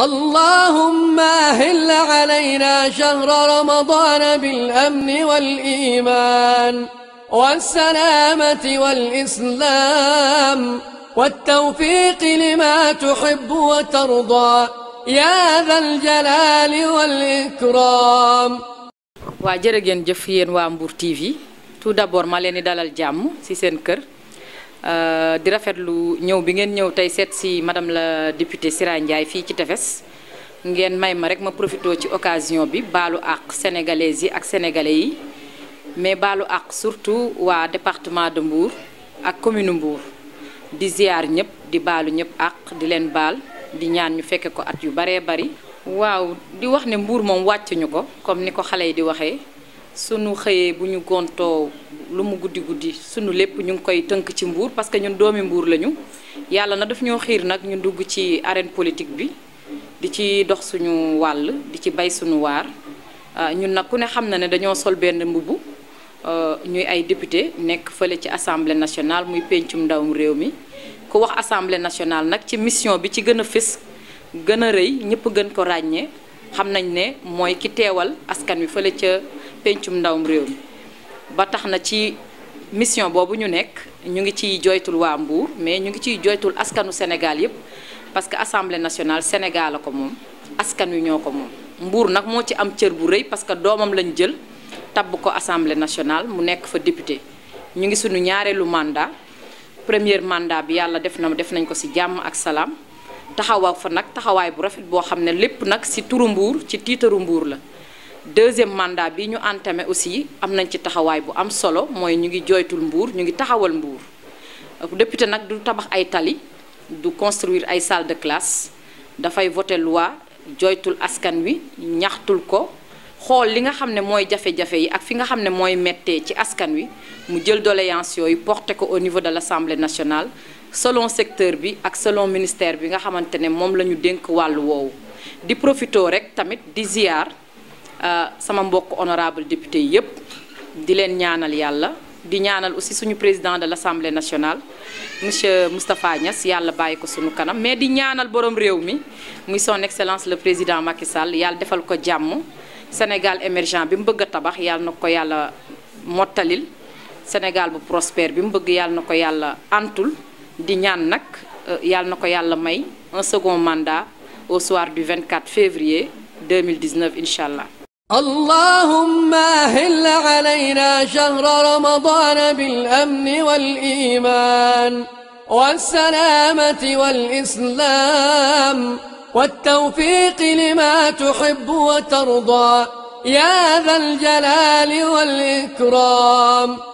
اللهم أهل علينا شهر رمضان بالأمن والإيمان والسلامة والإسلام والتوفيق لما تحب وترضى يا ذا الجلال والإكرام waa jërë ngeen jëf yéen waa Mbour TV tout d'abord ma leen di Euh, di rafetlu ñëw bi ngeen ñëw tey seet si madame la députée Sira Ndiaye fii ci tefes ngeen may ma rek ma profitoo ci occasion bi baalu àq sénégalaises yi ak sénégalais yi mais baalu àq surtout waa département de Mbour ak commune Mbour di ziar ñëpp di baalu ñëpp àq di leen baal di ñaan ñu fekke ko at yu baree bari waaw di wax ne Mbour moom wàccuñu ko comme ni ko xale yi di waxee sunu xëyee bu ñu gontoo lu mu guddi guddi sunu lépp ñu ngi koy tënk ci mbuur parce que ñun doomi mbuur lañu yàlla na daf ñoo xiir nag ñu dugg ci arène politique bi di ci dox suñu wàll di ci bay suñu waar euh, ñun nag ku ne xam na ne dañoo sol benn mbubb euh, ñuy ay député nekk fële ci assemblée nationale muy péncum ndawum réew mi ku wax assemblée nationale nag ci mission bi ci gën a fës gën a rëy ñëpp gën ko ràññee xam nañ ne mooy ki teewal askan wi fële ca pencum ndawum réew mi ba tax na ci mission boobu ñu nekk ñu ngi ciy joytul waa Mbour mais ñu ngi ciy joytul askanu Sénégal yëpp parce que assemblée nationale Sénégal ko moom askan wi ñoo ko moom Mbour nag moo ci am cër bu rëy parce que doomam lañu jël tabb ko assemble nationale mu nekk fa député ñu ngi suñu ñaareelu mandat première mandat bi yàlla def na def nañ ko si jàmm ak salaam taxawa fa nag taxawaay bu rafet boo xam ne lépp nag si turu mbuur ci tiitaru Mbour la deuxième mandat bi ñu entamé aussi am nañ ci taxawaay bu am solo mooy ñu ngi jooytul mbuur ñu ngi taxawal mbuur euh, député nag du tabax ay tali du construire ay salle de classe dafay vote loi jooytul askan wi ñaxtul ko xool li nga xam ne mooy jafe-jafe yi ak fi nga xam ne mooy méttee ci askan wi mu jël doléance yooyu porté ko au niveau de l' assemblée nationale solon secteur bi ak selon ministère bi nga xamante ne moom la ñu dénk wàllu woowu di profitoo rek tamit di ziar. Euh, sama mbokk honorable député yépp di leen ñaanal yàlla di ñaanal aussi suñu président de l'Assemblée nationale monsieur Moustapha Niass yàlla bàyyi ko suñu kanam mais di ñaanal borom réew mi muy son excellence le président Macky Sall yàlla defal ko jàmm Sénégal émergent bi mu bëgg a tabax yàlla na ko mottalil Sénégal bu prospère bi mu bëgg yàlla na ko yàlla antul di ñaan nag euh, yàlla na ko may un second mandat au soir du 24 février 2019 inshallah. اللهم أهل علينا شهر رمضان بالأمن والإيمان والسلامة والإسلام والتوفيق لما تحب وترضى يا ذا الجلال والإكرام